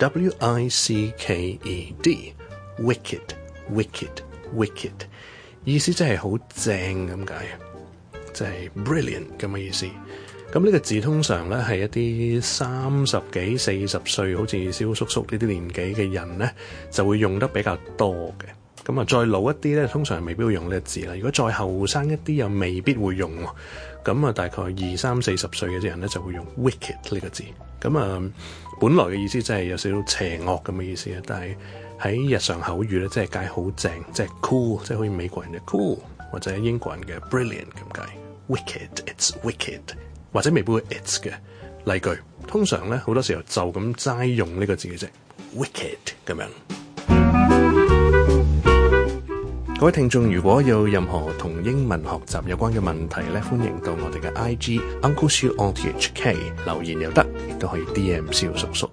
W I C K E D，wicked，wicked，wicked，意思真係好正咁解，即係 brilliant 咁嘅意思。咁呢個字通常咧係一啲三十幾四十歲好似小叔叔呢啲年紀嘅人咧，就會用得比較多嘅。咁啊，再老一啲咧，通常未必會用呢個字啦。如果再後生一啲，又未必會用。咁、嗯、啊，大概二三四十歲嘅人咧，就會用 wicked 呢個字。咁、嗯、啊，本來嘅意思即係有少少邪惡咁嘅意思啊。但係喺日常口語咧，即係解好正，即係 cool，即係好似美國人嘅 cool，或者英國人嘅 brilliant 咁解。Wicked，it's wicked，或者未必會 it's 嘅例句。通常咧，好多時候就咁齋用呢個字嘅啫。Wicked 咁樣。各位聽眾，如果有任何同英文學習有關嘅問題咧，歡迎到我哋嘅 I G Uncle Siu T H K 留言又得，亦都可以 D M 蕭叔叔。